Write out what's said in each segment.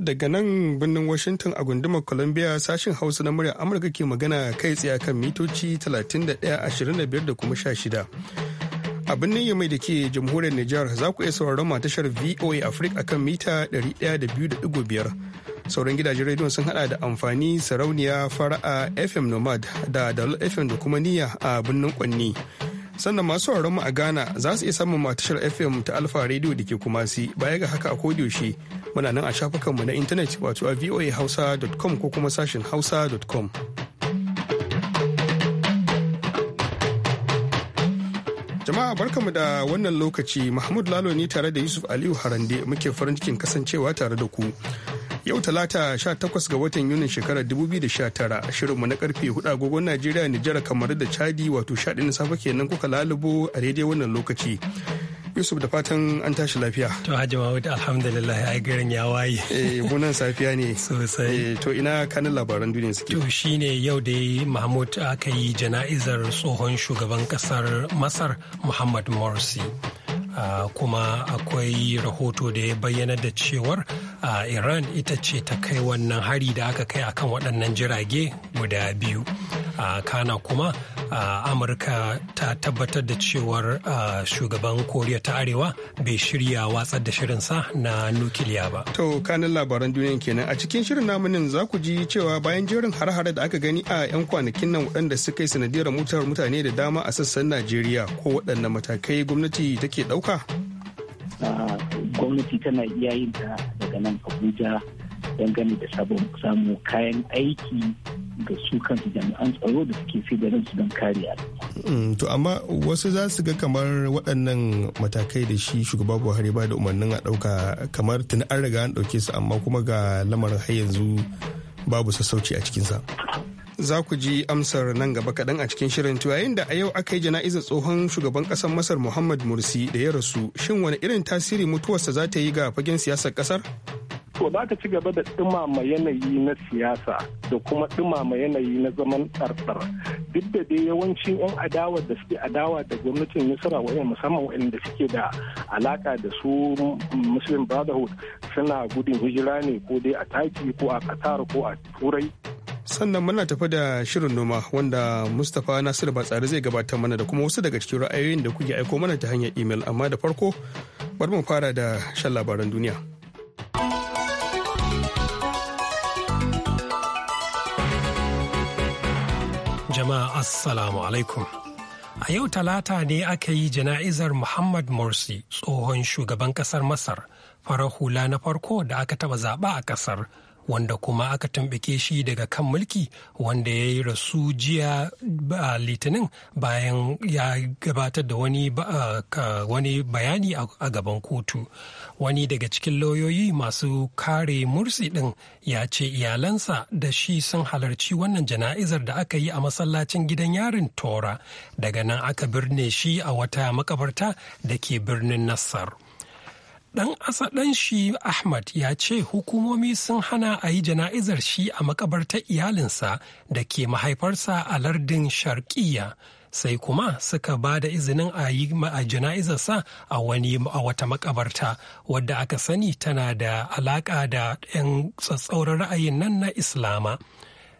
daga nan birnin washington a gundumar columbia sashen hausa na muryar amurka ke magana kai tsaye kan mitoci 31.25 da kuma 16 a birnin yamai da ke jamhuriyar nijar za ku iya sauraron tashar voa africa kan mita 102.5 sauran gidajen rediyon sun hada da amfani sarauniya fara'a fm nomad da dalol fm da kuma niyya a birnin kwanni sannan masu sauraron mu a Ghana za su iya samun matashar FM ta alpha Radio da ke Kumasi baya ga haka a kodiyoshi muna nan a mu na intanet wato a voahausa.com ko kuma sashin hausa.com. Jama'a barkamu da wannan lokaci Mahmud Lalo ne tare da Yusuf Aliyu Harande muke farin cikin kasancewa tare da ku. Yau talata 18 ga watan Yunin shekarar 2019 shirinmu na karfe 4 agogon Najeriya Nijar kamar da Chadi wato sha na safe kenan kuka lalubo a daidai wannan lokaci. Yusuf da fatan an tashi lafiya. To Hajji Mahmud alhamdulillah ai garin ya waye. Eh munan safiya ne. Sosai. Eh, to ina kanin labaran duniya suke. To shine yau da Mahmud aka yi jana'izar tsohon shugaban kasar Masar Muhammad Morsi. kuma akwai rahoto da ya bayyana da cewar iran ita ce ta kai wannan hari da aka kai akan waɗannan jirage guda biyu a kana kuma a amurka ta tabbatar da cewar shugaban koriya ta arewa bai shirya watsar da shirinsa na nukiliya ba to kanin labaran duniya kenan a cikin shirin namunin za ku ji cewa bayan jerin har-hare da aka gani a 'yan kwanakin nan waɗanda suka yi sanadiyar mutuwar mutane da dama a sassan najeriya ko waɗanne matakai gwamnati take ɗauka gwamnati tana iya yin ta daga nan abuja dangane da samun kayan aiki ga su kansu jami'an tsaro da suke fi da su don kare mm, To amma wasu za su ga kamar waɗannan matakai da shi shugaba Buhari ba da umarnin a ɗauka kamar tuni an riga an ɗauke su amma kuma ga lamarin har yanzu babu sassauci a cikinsa. Za ku ji amsar nan gaba kaɗan a cikin shirin to yayin da a yau aka yi jana'izar tsohon shugaban ƙasar Masar Muhammad Mursi da ya rasu shin wani irin tasiri mutuwarsa za ta yi ga fagen siyasar ƙasar? to za ka ci gaba da dumama yanayi na siyasa da kuma dumama yanayi na zaman tsartsar duk da dai yawancin 'yan adawa da suke adawa da gwamnatin misira wayan musamman wayanda suke da alaka da su muslim brotherhood suna gudun hijira ne ko dai a taki ko a qatar ko a turai sannan muna tafi da shirin noma wanda mustapha nasiru batsari zai gabatar mana da kuma wasu daga cikin ra'ayoyin da kuke aiko mana ta hanyar imel amma da farko bari mu fara da shan labaran duniya. jama'a assalamu alaikum. A yau talata ne aka yi jana'izar Muhammad Morsi tsohon shugaban kasar Masar farar hula na farko da aka taba zaba a kasar wanda kuma aka tambake shi daga kan mulki wanda ya yi rasu jiya a litinin bayan ya gabatar da wani, bayani a gaban kotu wani daga cikin lauyoyi masu kare mursi din ya ce iyalansa da shi sun halarci wannan jana'izar da aka yi a masallacin gidan yarin tora daga nan aka birne shi a wata makabarta da ke birnin nassar. Ɗan asa ɗan shi ahmad ya ce hukumomi sun hana a yi jana'izar shi a makabartar iyalinsa da ke mahaifarsa a lardin sharkiya sai kuma suka ba da izinin a yi jana'izarsa a wani a wata makabarta wadda aka sani tana da alaƙa da 'yan tsatsauran ra'ayin nan na islama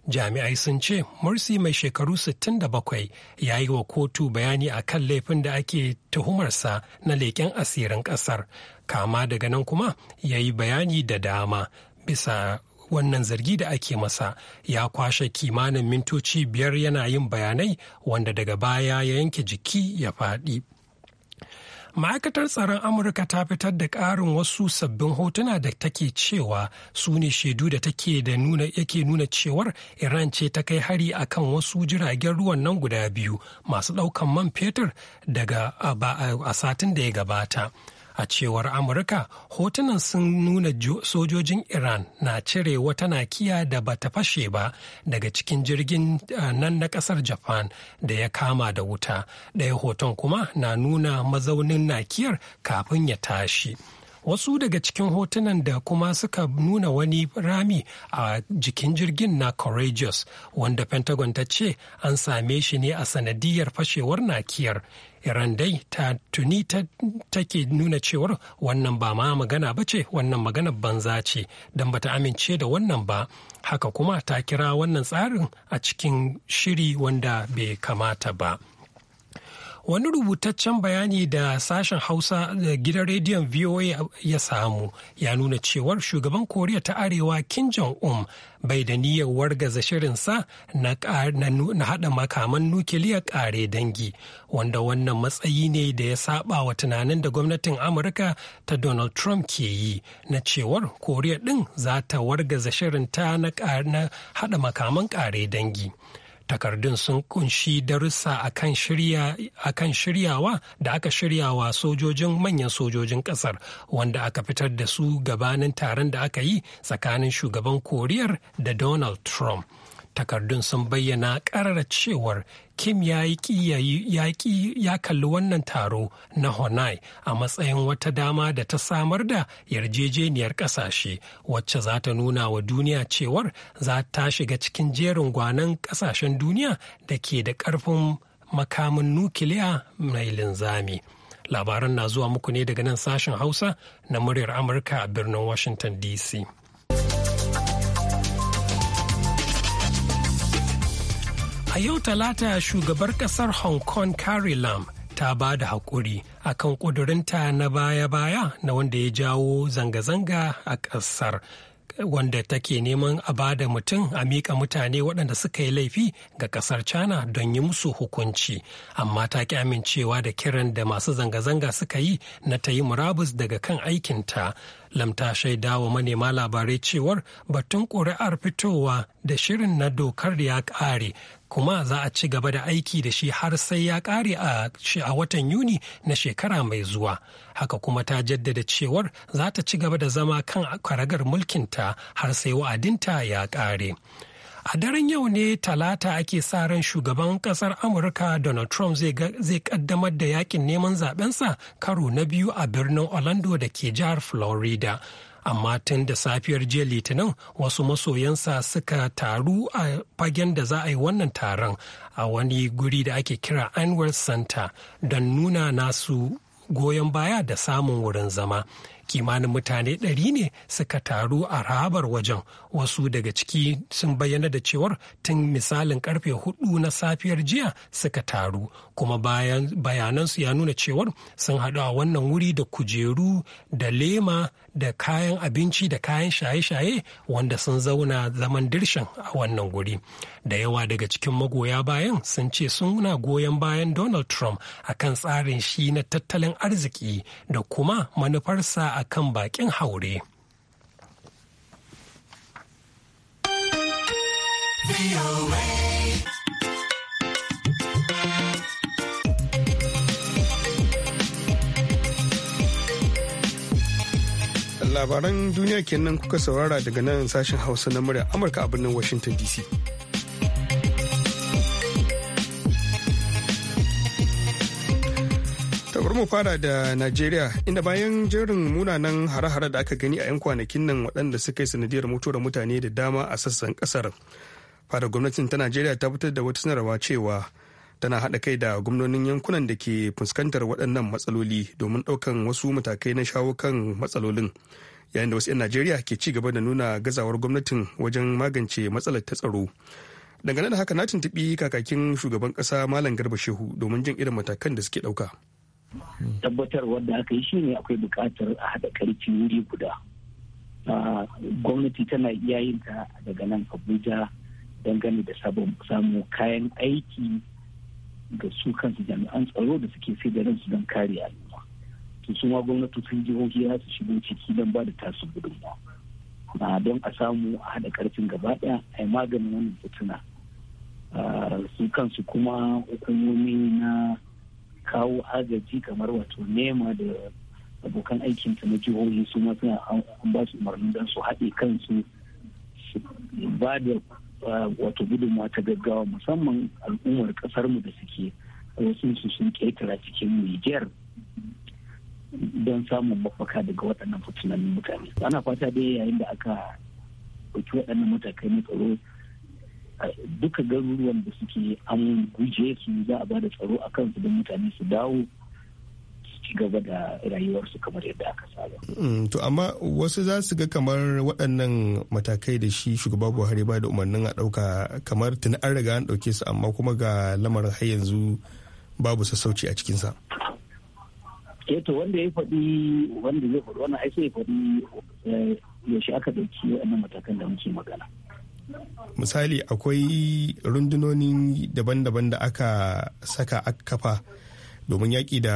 jami'ai sun ce Mursi, mai shekaru 67 ya yi wa kotu bayani a kan laifin da ake tuhumarsa na leƙen asirin ƙasar kama daga nan kuma ya yi bayani da dama bisa wannan zargi da ake masa ya kwashe kimanin mintoci biyar yana yin bayanai wanda daga baya ya yanke jiki ya faɗi. ma'aikatar tsaron amurka ta fitar da ƙarin wasu sabbin hotuna da take cewa su ne shaidu da take da nuna yake nuna cewar iran ce ta kai hari akan wasu jiragen ruwan nan guda biyu masu ɗaukan man fetur daga a satin da ya gabata A cewar Amurka, hotunan sun nuna sojojin Iran na cire wata nakiya da bata fashe ba daga cikin jirgin eh, nan na kasar Japan da ya kama da wuta. Ɗaya hoton kuma na nuna mazaunin nakiyar kafin ya tashi. wasu daga cikin hotunan da kuma suka nuna wani rami a jikin jirgin na courageous wanda pentagon ta ce an same shi ne a sanadiyar fashewar nakiyar iran dai ta tuni take nuna cewar wannan ba ma magana ba ce wannan magana banza ce don bata amince da wannan ba haka kuma ta kira wannan tsarin a cikin shiri wanda bai kamata ba. wani rubutaccen bayani da sashen hausa da gidan rediyon voa ya samu ya nuna cewar shugaban koriya ta arewa kim jong-un bai da niyyar wargaza shirinsa na haɗa makaman nukiliya ƙare dangi wanda wannan matsayi ne da ya saba wa tunanin da gwamnatin amurka ta donald trump ke yi na cewar koriya ɗin za ta wargaza shirinta na haɗa makaman ƙare dangi takardun sun kunshi darussa a kan shiryawa da aka shiryawa sojojin manyan sojojin kasar wanda aka fitar da su gabanin taron da aka yi tsakanin shugaban koriyar da donald trump takardun sun bayyana ƙarara cewar kim ya ya kalli wannan taro na honai a matsayin wata dama da ta samar da yarjejeniyar ƙasashe wacce za ta nuna wa duniya cewar za ta shiga cikin jerin gwanan ƙasashen duniya da ke da ƙarfin makamin nukiliya mai linzami labaran na zuwa muku ne daga nan sashen hausa na muryar amurka a birnin washington dc A yau talata shugabar kasar Hong Kong Carrie Lam ta ba da haƙuri a kan ƙudurinta na baya-baya na wanda ya jawo zanga-zanga a ƙasar. Wanda take neman a ba da mutum a miƙa mutane waɗanda suka yi laifi ga ƙasar China don yi musu hukunci, amma ta ƙi amincewa da kiran da masu zanga-zanga suka yi na ta yi murabus daga kan aikinta. lamta shaida wa manema labarai cewar batun ƙuri'ar fitowa da shirin na dokar ya ƙare kuma za a ci gaba da aiki da shi har sai ya kare a watan yuni na shekara mai zuwa haka kuma ta jaddada cewar za ta ci gaba da zama kan karagar mulkinta har sai wa'adinta ya kare a daren yau ne talata ake sa ran shugaban kasar amurka donald trump zai kaddamar da yakin neman zabensa karo na biyu a birnin orlando da ke jihar florida amma tun da safiyar jiya litinin wasu masoyansa suka taru a fagen da za a yi wannan taron a wani guri da ake kira anwar center don nuna nasu goyon baya da samun wurin zama kimanin mutane ɗari ne suka taru a rahabar wajen wasu daga ciki sun bayyana da cewar tun misalin karfe hudu na safiyar jiya suka taru kuma bayanansu ya nuna cewar sun haɗu a wannan wuri da kujeru da lema da kayan abinci da kayan shaye-shaye wanda sun zauna zaman dirshan a wannan guri da yawa daga cikin magoya bayan sun ce suna goyon bayan donald trump a kan tsarin shi na tattalin arziki da kuma manufarsa a kan bakin haure Be labaran duniya kenan kuka saurara daga nan sashen hausa na murya amurka a birnin washington dc bari mu fara da najeriya inda bayan jerin munanan hare-hare da aka gani a 'yan kwanakin nan waɗanda suka yi sanadiyar mutuwar mutane da dama a sassan ƙasar fada gwamnatin ta najeriya ta fitar da wata sanarwa cewa tana haɗa kai da gwamnonin yankunan da ke fuskantar waɗannan matsaloli domin ɗaukan wasu matakai na shawo kan matsalolin yayin da wasu 'yan najeriya ke ci gaba da nuna gazawar gwamnatin wajen magance matsalar ta tsaro dangane da haka na tuntuɓi kakakin shugaban ƙasa malam garba shehu domin jin irin matakan da suke ɗauka tabbatar wanda aka yi shine akwai bukatar a haɗa ƙarfi wuri guda gwamnati tana iya yin ta daga nan abuja dangane da samun kayan aiki ga su kansu jami'an tsaro da suke sai da ransu don kare al'umma su sun ji jihohi ya su shigo ciki don ba da tasu gudunmawa don a samu a haɗa ƙarfin gaba ɗaya a yi maganin wannan fituna su kansu kuma hukumomi na kawo agaji kamar wato nema da abokan aikinta na jihohi su ma suna an ba su umarnin don su haɗe kansu su ba da wato gudunmawa ta gaggawa musamman al'ummar ƙasarmu da suke wasu su sun ƙetara cikin niger don samun mafaka daga waɗannan fitinanin mutane ana fata dai yayin da aka ɗauki waɗannan matakai na tsaro duka garuruwan da suke an guje su za a bada tsaro a su don mutane su dawo ci gaba da rayuwarsu kamar yadda aka saba. Mm, to amma wasu za su ga kamar waɗannan matakai da shi shugaba Buhari ba da umarnin a ɗauka kamar tuni an riga an ɗauke su amma kuma ga lamarin har yanzu babu sassauci a cikinsa. eh to wanda ya faɗi wanda zai faɗi wannan ai sai ya faɗi eh, yaushe aka ɗauki wannan matakan da muke magana misali akwai rundunoni daban-daban da aka saka aka kafa domin yaƙi da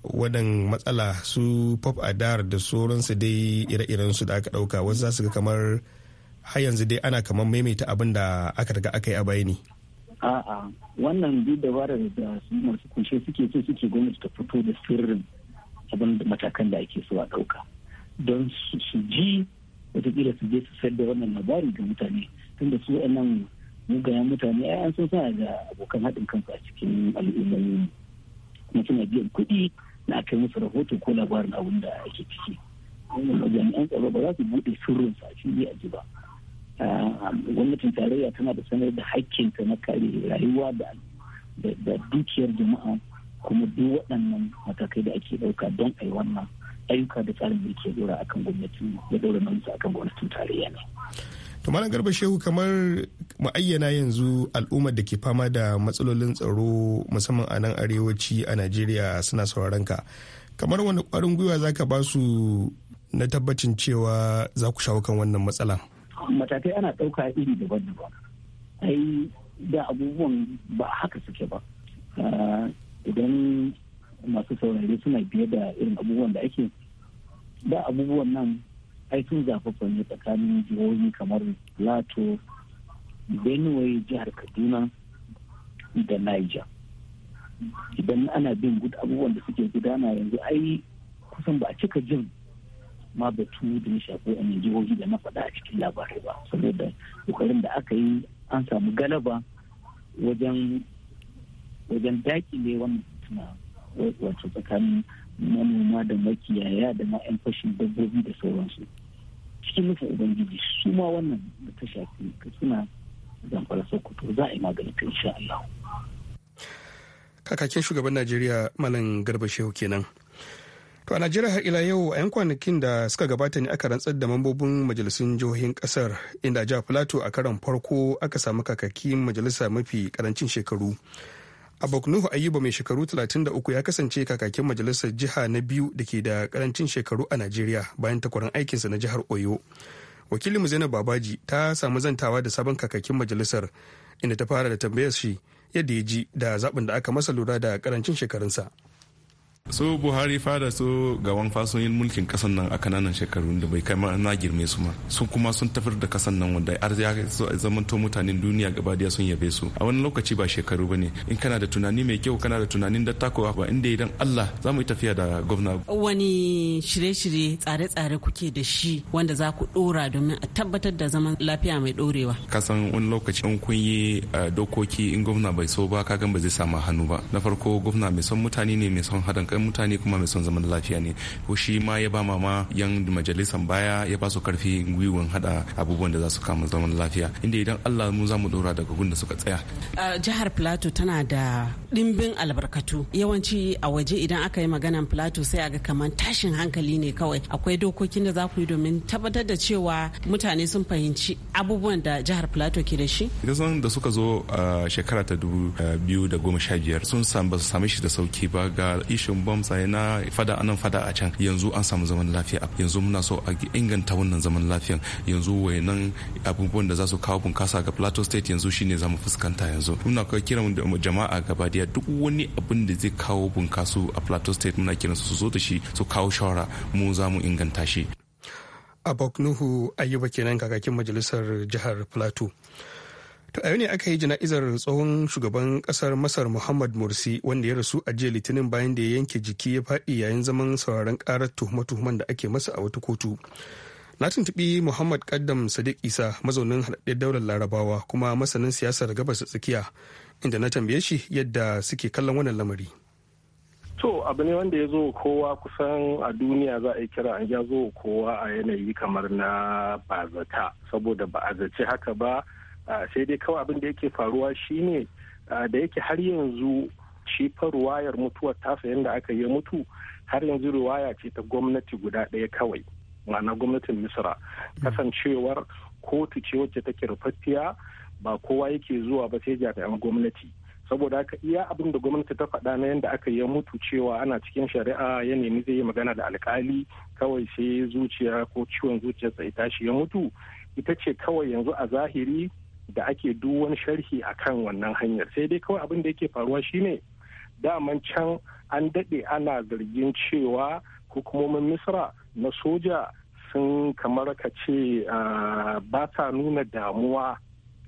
wadan matsala su pop adar da sauransu dai ire iren su da aka ɗauka wasu za su ga kamar har yanzu dai ana kamar maimaita abin da aka riga aka yi a bayani. a'a wannan duk dabarar da su masu kunshe suke ce suke gwamnati ta fito da sirrin abin da matakan da ake so a ɗauka don su ji wataƙila su je su sayar da wannan labari ga mutane tunda su waɗannan mugayen mutane ai an san suna da abokan haɗin kansu a cikin al'ummomi kuma suna biyan kuɗi na kai musu rahoto ko labarin abin da ake ciki jami'an tsaro ba za su buɗe su a fili a ji ba gwamnatin tarayya tana da sanar da hakkinta na kare rayuwa da dukiyar jama'a kuma duk waɗannan matakai da ake ɗauka don a yi wannan ayyuka da tsarin da ya dora akan gwamnati ya dora nauyinsa akan gwamnatin tarayya ne. to malam garba shehu kamar ma'ayyana yanzu al'ummar da ke fama da matsalolin tsaro musamman a nan arewaci a najeriya suna sauraron ka kamar wani kwarin gwiwa za ka ba su na tabbacin cewa za ku shawo kan wannan matsala matakai ana ɗauka iri daban-daban ai da abubuwan ba haka suke ba ah, idan masu saurari suna biye da irin abubuwan da ake da abubuwan nan ai sun zafafa ne tsakanin jihohi kamar lato benue jihar kaduna da niger idan ana bin abubuwan da suke gudana yanzu ai kusan ba a cika jin ma batu da ya shafi a jihohi da na faɗa a cikin labarai ba saboda kokarin da aka yi an samu galaba wajen wajen dakile wannan suna wato tsakanin manoma da makiyaya da ma 'yan dabbobi da sauransu cikin nufin ubangiji su ma wannan da ta shafi suna zamfara sokoto za a yi maganin ta insha Allah. kakakin shugaban najeriya malam garba shehu kenan to a najeriya har ila yau a yan kwanakin da suka gabata ne aka rantsar da mambobin majalisun jihohin kasar inda jihar plateau a karon farko aka samu kakakin majalisa mafi karancin shekaru Aboknuhu Ayuba mai shekaru 33 ya kasance kakakin majalisar jiha na biyu da ke da karancin shekaru a Najeriya bayan takwaran aikinsa na jihar Oyo. Wakilinmu Zainab Babaji ta samu zantawa da sabon kakakin majalisar inda ta fara da tambayar shi yadda ya ji da zaɓin da aka masa lura da karancin shekarunsa. so buhari fada so gaban fasoyin mulkin kasan nan a kananan shekaru da bai kai ma na girme su ma sun kuma sun tafar da kasan nan wanda har ya zamanto mutanen duniya gaba daya sun yabe su a wani lokaci ba shekaru bane in kana da tunani mai kyau kana da tunanin da takowa ba inda idan Allah za mu yi tafiya da gwamna wani shirye-shirye tsare-tsare kuke da shi wanda za ku dora domin a tabbatar da zaman lafiya mai dorewa kasan wani lokaci in kun yi dokoki in gwamna bai so ba kagan ba zai samu hannu ba na farko gwamna mai son mutane ne mai son hadan kai mutane kuma mai son zaman lafiya ne ko shi ma ya ba mama yan majalisan baya ya ba su karfi gwiwan hada abubuwan da za su kama zaman lafiya inda idan Allah mu za mu dora daga gun da suka tsaya jihar Plateau tana da ɗimbin albarkatu yawanci a waje idan aka yi magana Plateau sai ga kamar tashin hankali ne kawai akwai dokokin da za ku yi domin tabbatar da cewa mutane sun fahimci abubuwan da jihar Plateau ke da shi sun da suka zo a shekara ta dubu eh, biyu da goma sha biyar sun samu ba su same shi da sauki ba ga ishin bamsa na fada anan fada a can yanzu an samu zaman lafiya yanzu muna so a inganta wannan zaman lafiyan yanzu wayannan abubuwan da za su kawo bunkasa ga plateau state yanzu shine zamu fuskanta yanzu muna kawai kiran jama'a gaba daya duk wani abin da zai kawo bunkasu a plateau state muna kiran su zo da shi su kawo shawara mu za mu inganta shi abok nuhu ayyuba kenan kakakin majalisar jihar plateau To a ne aka yi jana'izar tsohon shugaban kasar Masar Muhammad Morsi wanda ya rasu a jiya Litinin bayan da ya yanke jiki ya faɗi yayin zaman sauraron karar tuhume-tuhumen da ake masa a wata kotu. Na tuntuɓi Muhammad Kaddam Sadiq Isa mazaunin haɗaɗɗen daular Larabawa kuma masanin siyasar gabas tsakiya inda na tambaye shi yadda suke kallon wannan lamari. To abu ne wanda ya zo kowa kusan a duniya za a yi kira an ya zo kowa a yanayi kamar na bazata saboda ba a zace haka ba sai dai kawai abin da yake faruwa shine da yake har yanzu shi wayar ruwayar mutuwar tasa yadda aka yi mutu har yanzu ruwaya ce ta gwamnati guda ɗaya kawai ma'ana gwamnatin misra kasancewar kotu ce wacce take rufaffiya ba kowa yake zuwa ba sai jami'an gwamnati saboda haka iya abin da gwamnati ta faɗa na yadda aka yi mutu cewa ana cikin shari'a ya nemi zai yi magana da alkali kawai sai zuciya ko ciwon zuciya tsaye tashi ya mutu ita ce kawai yanzu a zahiri da ake duk wani sharhi a kan wannan hanyar sai dai kawai abin da yake faruwa shine daman can an daɗe ana zargin cewa hukumomin misra na soja sun kamar ka ce ba sa nuna damuwa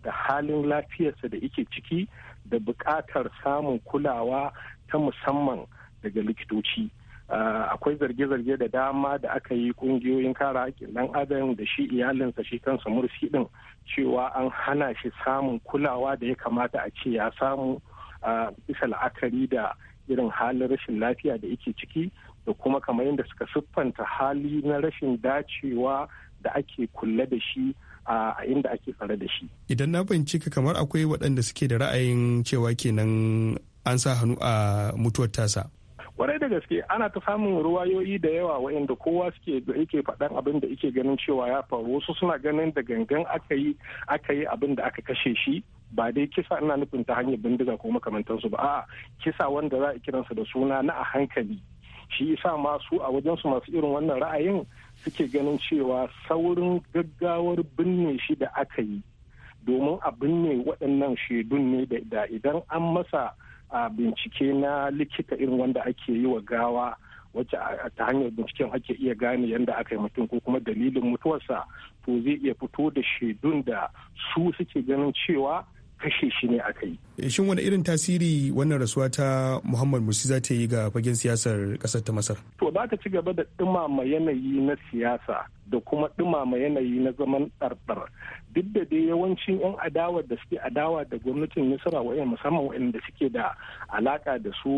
da halin lafiyarsa da ike ciki da buƙatar samun kulawa ta musamman daga likitoci. Eh, akwai zarge-zarge da dama da aka yi kungiyoyin kara hakkin dan adam da shi iyalinsa shi kansa murfi ɗin cewa an hana shi samun kulawa da ya kamata a ce ya samu eh, bisa la'akari da irin halin rashin lafiya da yake ciki da kuma kamar yadda suka siffanta hali na rashin dacewa da ake kulle da shi eh, a inda ake tsare da shi. Idan na fahimci ka kamar akwai waɗanda suke da ra'ayin cewa kenan an sa hannu a mutuwar tasa. kwarai da gaske ana ta samun ruwayoyi da yawa wa'inda kowa suke yake faɗan abin da yake ganin cewa ya faru wasu suna ganin da gangan aka yi aka yi abin da aka kashe shi ba dai kisa ina nufin ta hanyar bindiga ko makamantansu ba a'a kisa wanda za a kiransa da suna na a hankali shi yasa ma su a wajensu masu irin wannan ra'ayin suke ganin cewa saurin gaggawar binne shi da aka yi domin a binne waɗannan shaidun ne da idan an masa a bincike na likita irin wanda ake yi wa gawa wacce ta hanyar binciken ake iya gane yadda aka yi mutum ko kuma dalilin mutuwarsa to zai iya fito da shaidun da su suke ganin cewa kashe shi ne aka yi. Eh, shin wani irin tasiri wannan rasuwa ta Muhammad musi za ta yi ga fagen siyasar kasar ta Masar? To za ta ci gaba da ɗumama yanayi na siyasa da kuma ɗumama yanayi na zaman ɗarɗar duk da dai yawancin 'yan adawa da suke adawa da gwamnatin nasara wa'yan musamman waɗanda suke da alaka da su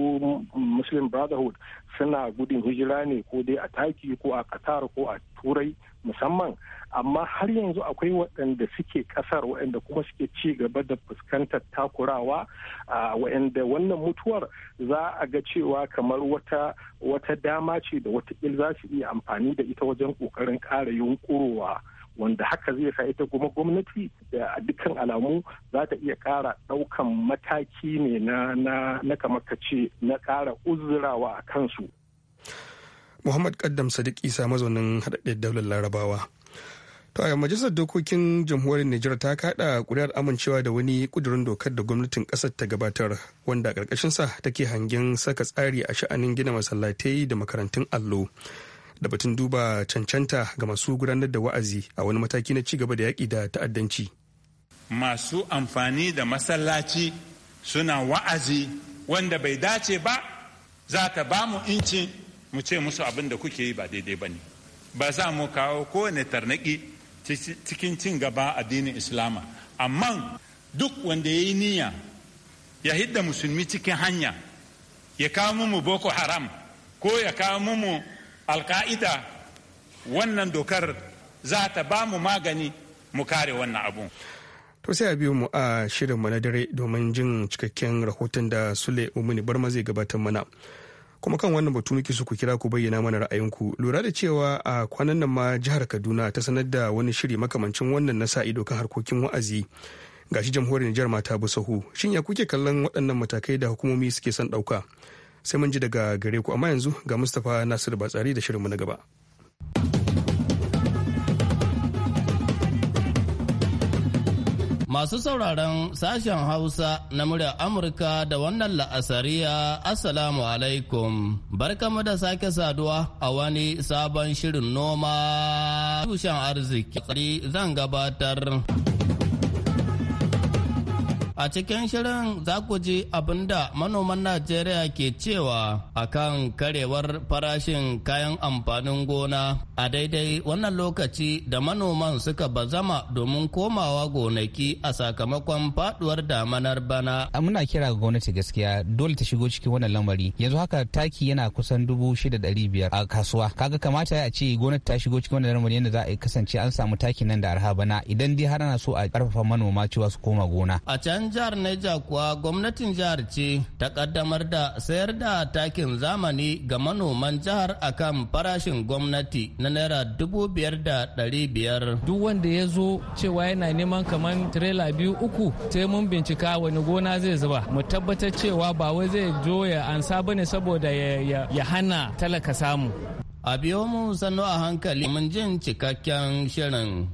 muslim brotherhood suna gudun hijira ne ko dai a taki ko a qatar ko a turai musamman amma har yanzu akwai waɗanda suke ƙasar waɗanda kuma suke ci gaba da fuskantar takurawa waɗanda wannan mutuwar za a ga cewa kamar wata wata dama ce da wata za su iya amfani da ita wajen ƙoƙarin ƙara yunƙurowa wanda haka zai sa ita kuma gwamnati da a dukkan alamu za ta iya kara daukan mataki ne na na ce na kara uzurawa a kansu. Muhammad Kaddam Sadiq Isa mazaunin haɗaɗɗen daular Larabawa. To a majalisar dokokin jamhuriyar Nijar ta kaɗa kuri'ar amincewa da wani ƙudurin dokar da gwamnatin ƙasar ta gabatar wanda a ƙarƙashinsa take hangen saka tsari a sha'anin gina masallatai da makarantun allo. da batun duba cancanta ga masu gudanar da wa'azi a wani mataki na cigaba da yaƙi da ta'addanci. Masu amfani da masallaci suna wa'azi wanda bai dace ba za ta ba mu inci mu ce musu abin da kuke yi ba daidai ba ne. Ba za mu kawo kowane tarnaki cikin cin gaba addinin Islama. Amma duk wanda ya yi niyya ya hidda musulmi cikin hanya ya kawo mu Boko Haram ko ya kawo mu alka'ida wannan dokar za ta ba mu magani mu kare wannan abu. to sai a biyu mu a shirin na dare domin jin cikakken rahoton da sule umuni barma zai gabatar mana kuma kan wannan batu muke su ku kira ku bayyana mana ra'ayinku lura da cewa a kwanan nan ma jihar kaduna ta sanar da wani shiri makamancin wannan na sa ido kan harkokin wa'azi gashi jamhuriyar nijar mata busahu shin ya kuke kallon waɗannan matakai da hukumomi suke son ɗauka sai mun ji daga gare ku amma yanzu ga mustapha nasiru batsari da shirinmu na gaba Masu sauraron sashen Hausa na murya Amurka da wannan la'asariya Assalamu alaikum. Barkamu da sake saduwa a wani sabon shirin noma tushen arziki zan gabatar. A cikin shirin za ku ji abin da manoman Najeriya ke cewa a kan karewar farashin kayan amfanin gona a daidai wannan lokaci da manoman suka bazama domin komawa gonaki a sakamakon faduwar damanar bana. Muna kira ga gwamnati gaskiya dole ta shigo cikin wannan lamari. Yanzu haka taki yana kusan dubu shida dari biyar a kasuwa. Kaga kamata a ce gwamnati ta shigo cikin wannan lamari yadda za a kasance an samu taki nan da arha bana idan dai har ana so a karfafa manoma cewa su koma gona. A can jihar Niger kuwa gwamnatin jihar ce ta kaddamar da sayar da takin zamani ga manoman jihar akan farashin gwamnati na naira dubu biyar da ɗari biyar. Duk wanda ya zo cewa yana neman kamar tirela biyu uku sai mun bincika wani gona zai zuba mu tabbatar cewa ba wai zai zo ya ansa bane saboda ya hana talaka samu. A biyo mu sannu a hankali mun jin cikakken shirin.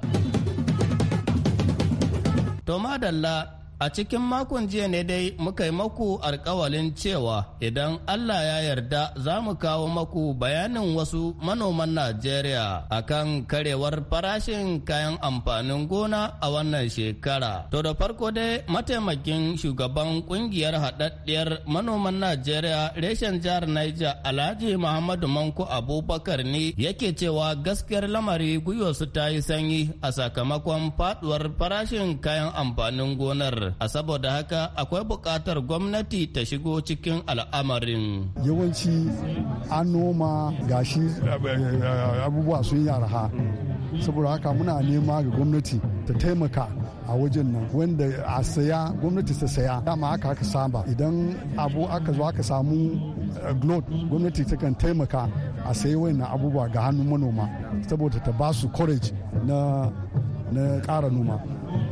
Toma Dalla A cikin makon jiya ne dai muka yi maku alkawalin cewa idan Allah ya yarda za mu kawo maku bayanin wasu manoman Najeriya akan karewar farashin kayan amfanin gona a wannan shekara. To da farko dai mataimakin shugaban kungiyar haɗaɗɗiyar manoman Najeriya reshen jihar Niger Alhaji Muhammadu Manko Abubakar ne yake cewa gaskiyar lamari su ta yi sanyi a sakamakon faɗuwar farashin kayan amfanin gonar. A saboda haka akwai buƙatar gwamnati ta shigo cikin al'amarin. Yawanci an noma gashi abubuwa sun yaraha. Saboda haka muna nema ga gwamnati ta taimaka a wajen nan wanda a saya gwamnati ta saya dama haka aka saba idan abu aka zo aka samu eh, glot gwamnati ta kan taimaka a sayi wayannan abubuwa ga hannun manoma saboda ta ba su courage na na ƙara noma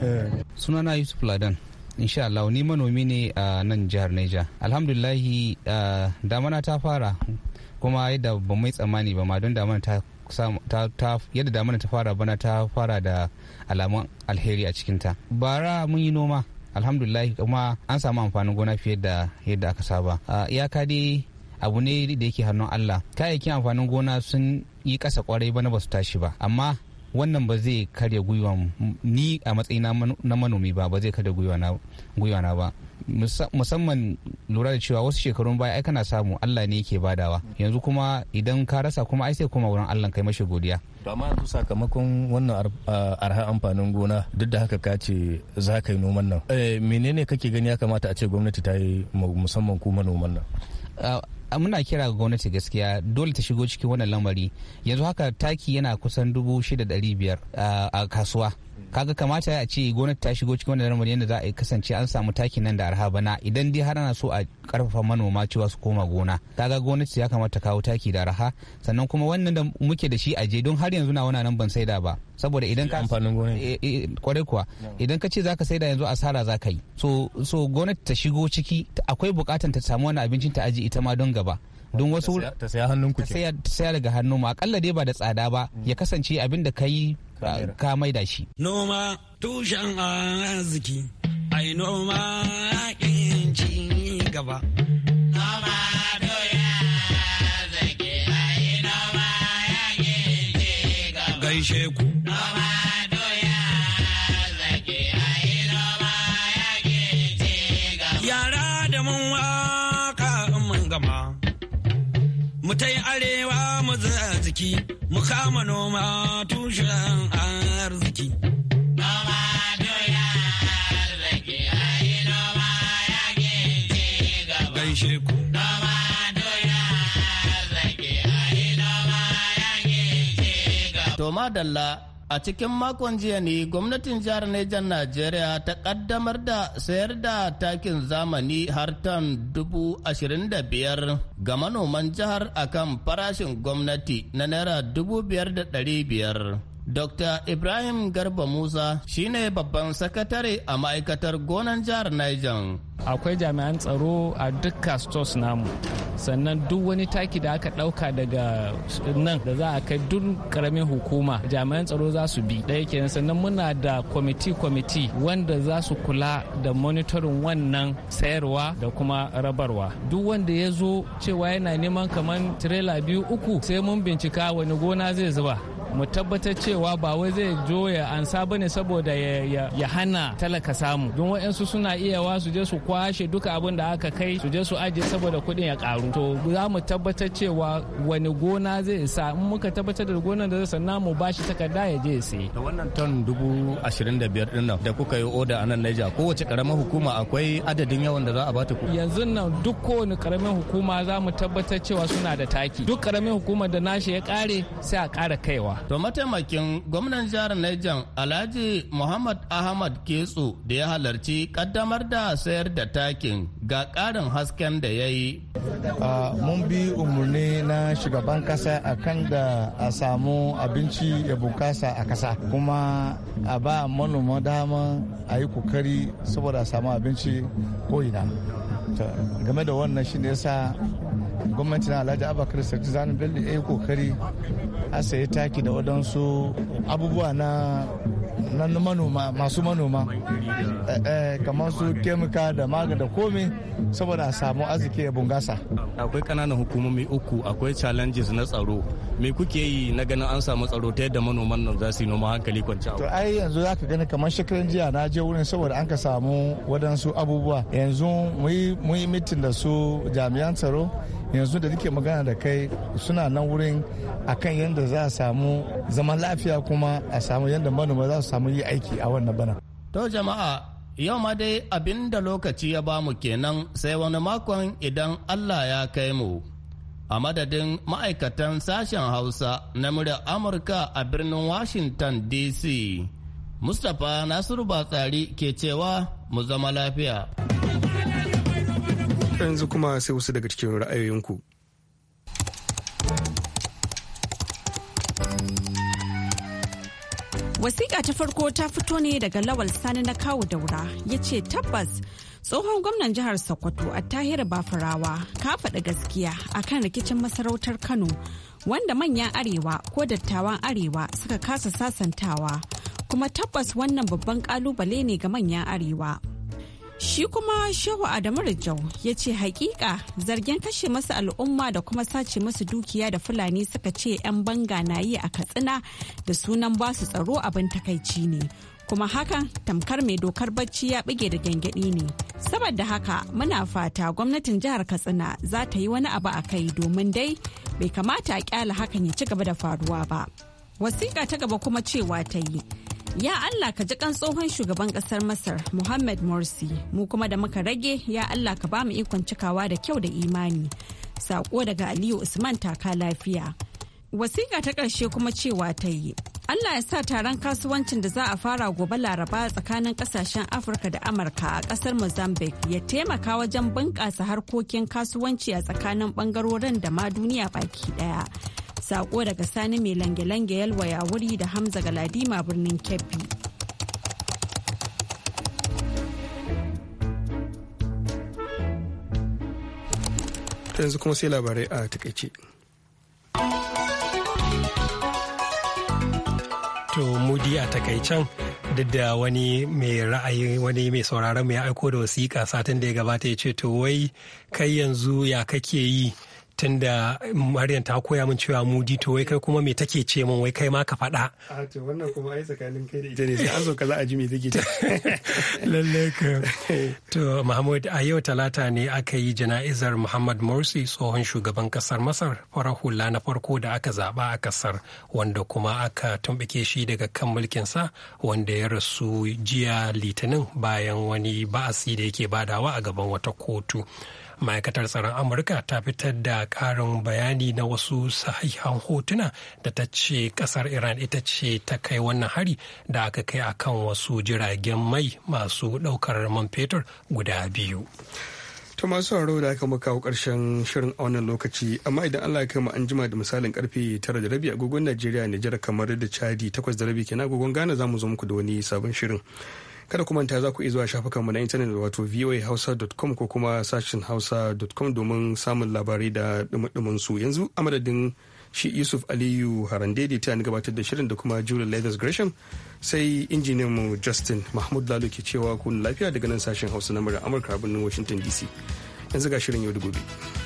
eh. sunana yusuf ladan insha Allah ni manomi ne a nan jihar Niger alhamdulillahi damana ta fara kuma yadda ba mai tsammani ba ma don damana ta yadda damana ta fara bana ta fara da alamun alheri a cikinta bara mun yi noma alhamdulillahi kuma an samu amfanin gona fiye da yadda aka saba iyaka dai abu ne da yake hannun allah kayayyakin amfanin gona sun yi kasa kwarai bana ba su tashi ba amma wannan ba zai karya gwiwa ni a matsayi na manomi ba ba zai karya gwiwa na ba musamman lura da cewa wasu shekarun baya ai kana samu Allah ne yake badawa yanzu kuma idan ka rasa kuma ai sai kuma wurin Allah kai mashi godiya to amma yanzu sakamakon wannan arha amfanin gona duk da haka ka ce za ka yi noman nan eh, menene kake gani ya kamata a ce gwamnati ta yi musamman ku manoman nan muna kira ga gwamnati gaskiya dole ta shigo cikin wannan lamari yanzu haka taki yana kusan dubu shida dari biyar a kasuwa kaga kamata a ce gonar ta shigo cikin wannan lamarin yadda za a kasance an samu taki nan da arha bana idan dai har ana so a karfafa manoma cewa su koma gona kaga gwamnati ya kamata kawo taki da arha sannan kuma wannan da muke da shi aje don har yanzu na wani nan ban saida ba saboda idan ka eh, eh, eh, kwarai kuwa idan ka ce zaka saida yanzu asara za ka yi so so gwamnati ta shigo ciki akwai bukatan ta samu wani abincin ta aji ita ma don gaba don wasu ta saya hannun ku ta saya daga hannun mu akalla dai ba da tsada ba ya kasance abin da kai ka maida shi noma tushen arziki ai noma yakin ci gaba noma doya zaki ai noma yakin ci gaba gaishe ku noma mu ta arewa mu zaziki mu kama noma tushen arziki. Noma doya arziki, ayi noma yake ci gaba. Gaishe doya arziki, ayi noma yake ci gaba. A cikin makon jiya ne gwamnatin jihar Nejan Najeriya ta kaddamar da sayar da takin zamani har tan dubu ashirin da biyar ga manoman jihar akan farashin gwamnati na naira dubu biyar da ɗari biyar. Dr. Ibrahim Garba Musa shine babban sakatare a ma'aikatar gonan jihar Niger. akwai jami'an tsaro a dukkan stores namu sannan duk wani taki da aka ɗauka daga nan da za a kai duk karamin hukuma jami'an tsaro za su bi ɗaya kenan sannan muna da kwamiti kwamiti wanda za su kula da monitorin wannan sayarwa da kuma rabarwa duk wanda ya zo cewa yana neman kamar tirela biyu uku sai mun bincika wani gona zai zuba mu tabbatar cewa ba wai zai jo ya ansa bane saboda ya hana talaka samu don wa'yansu suna iya wasu je su kwashe duka abin da aka kai su je su ajiye saboda kuɗin ya karu to za mu tabbatar cewa wani gona zai isa in muka tabbatar da gonar da zai sannan mu bashi takarda ya je sai da wannan ton dubu ashirin da biyar din nan da kuka yi oda a nan Niger kowace karamar hukuma akwai adadin yawan da za a bata ku yanzu nan duk kowane karamin hukuma za mu tabbatar cewa suna da taki duk karamin hukuma da nashi ya kare sai a kara kaiwa to mataimakin gwamnan jihar Niger Alhaji Muhammad Ahmad Ketso da ya halarci kaddamar da sayar da da takin ga ƙarin hasken da ya yi. Mun bi umarni na shugaban kasa a kan da a samu abinci ya bukasa a kasa kuma a ba manoma dama a yi kokari saboda a samu abinci ko'ina. Game da wannan shi ne yasa gwamnati na alhaji abakar sarki zanen bello ya yi kokari a sayi taki da waɗansu abubuwa na na manoma masu manoma eh, eh, kamar su kemika da maga da komi saboda a samu arziki ya bungasa akwai kananan hukumomi uku akwai challenges na tsaro me kuke yi na ganin an samu tsaro ta yadda manoman nan za su yi noma hankali kwanciya to ai yanzu zaka gani kamar shekaran jiya na je wurin saboda an ka samu wadansu abubuwa yanzu mu yi mitin da su jami'an tsaro yanzu da nake magana da kai suna nan wurin kan yadda za a samu zaman lafiya kuma a samu yadda manoma za su samu yi aiki a wannan bana. To jama'a yau ma dai abin da lokaci ya ba mu kenan sai wani makon idan Allah ya kai mu. a madadin ma'aikatan sashen hausa na murya amurka a birnin washington dc mustapha nasiru batsari ke cewa mu zama lafiya yanzu kuma sai wasu daga cikin ra'ayoyinku. Wasiƙa ta farko ta fito ne daga Lawal Sani na kawo daura ya ce tabbas tsohon gwamnan jihar Sokoto a tahira bafarawa ka faɗi gaskiya kan rikicin masarautar Kano wanda manyan arewa ko dattawan arewa suka kasa sasantawa kuma tabbas wannan babban ƙalubale ne ga manyan arewa Shi kuma Shehu Adamu Rajau ya ce hakika zargin kashe masu al'umma da kuma sace masu dukiya da Fulani suka ce 'yan banga na yi a Katsina da sunan ba su tsaro abin takaici ne. Kuma hakan tamkar mai dokar bacci ya bige da gyangyaɗi ne. Saboda haka muna fata gwamnatin jihar Katsina za ta yi wani abu a kai domin dai bai kamata a kyala hakan ya ci gaba da faruwa ba. Wasiƙa ta gaba kuma cewa ta yi. Ya Allah ka ji kan tsohon shugaban kasar Masar Muhammad Morsi mu kuma da muka rage ya Allah ka ba mu ikon cikawa da kyau da imani. Sako daga Aliyu Usman taka lafiya. Wasiƙa ta ƙarshe kuma cewa ta yi. Allah ya sa taron kasuwancin da za a fara gobe laraba tsakanin ƙasashen Afirka da Amurka a ƙasar Mozambique ya taimaka wajen bunƙasa harkokin kasuwanci a tsakanin ɓangarorin da ma duniya baki ɗaya. Sako daga Sani mai lange-lange yalwa ya wuri da Hamza Galadima birnin Kebbi. yanzu kuma sai labarai a takaice. To mudi a takaicen duk da wani mai ra'ayi wani mai sauraron mai aiko da wasiƙa satin da ya gabata ya ce to wai kai yanzu ya kake yi tun da Maryam ta koya min cewa mu dito wai kai kuma me take ce min wai kai ma ka faɗa. A to wannan kuma ai tsakanin kai da ita ne sai an zo kaza a ji me take ta. Lalle ka. To Muhammad a yau talata ne aka yi jana'izar Muhammad Morsi tsohon shugaban kasar Masar farar hula na farko da aka zaba a kasar wanda kuma aka tumbike shi daga kan mulkin sa, wanda ya rasu jiya litinin bayan wani ba'asi da yake badawa a gaban wata kotu. ma'aikatar tsaron amurka ta fitar da karin bayani na wasu sahihan hotuna da ta ce kasar iran ita ce ta kai wannan hari da aka kai akan wasu jiragen mai masu daukar man fetur guda biyu ta masu haro da aka wa karshen shirin a wannan lokaci amma idan allah ya kai mu an jima da misalin karfe tara da rabi agogon najeriya nijar kamar da chadi takwas da rabi kenan agogon ghana za mu zo muku da wani sabon shirin kada ku manta za ku iya zuwa shafukanmu na intanet wato voahausa.com ko kuma sashin hausa.com domin samun labarai da dumudumin su yanzu a madadin shi yusuf aliyu harandedi ta ni gabatar da shirin da kuma julia leathers gresham sai injiniyan mu justin mahmud lalo ke cewa kun lafiya daga nan sashin hausa na murar amurka a birnin washington dc yanzu ga shirin yau da gobe.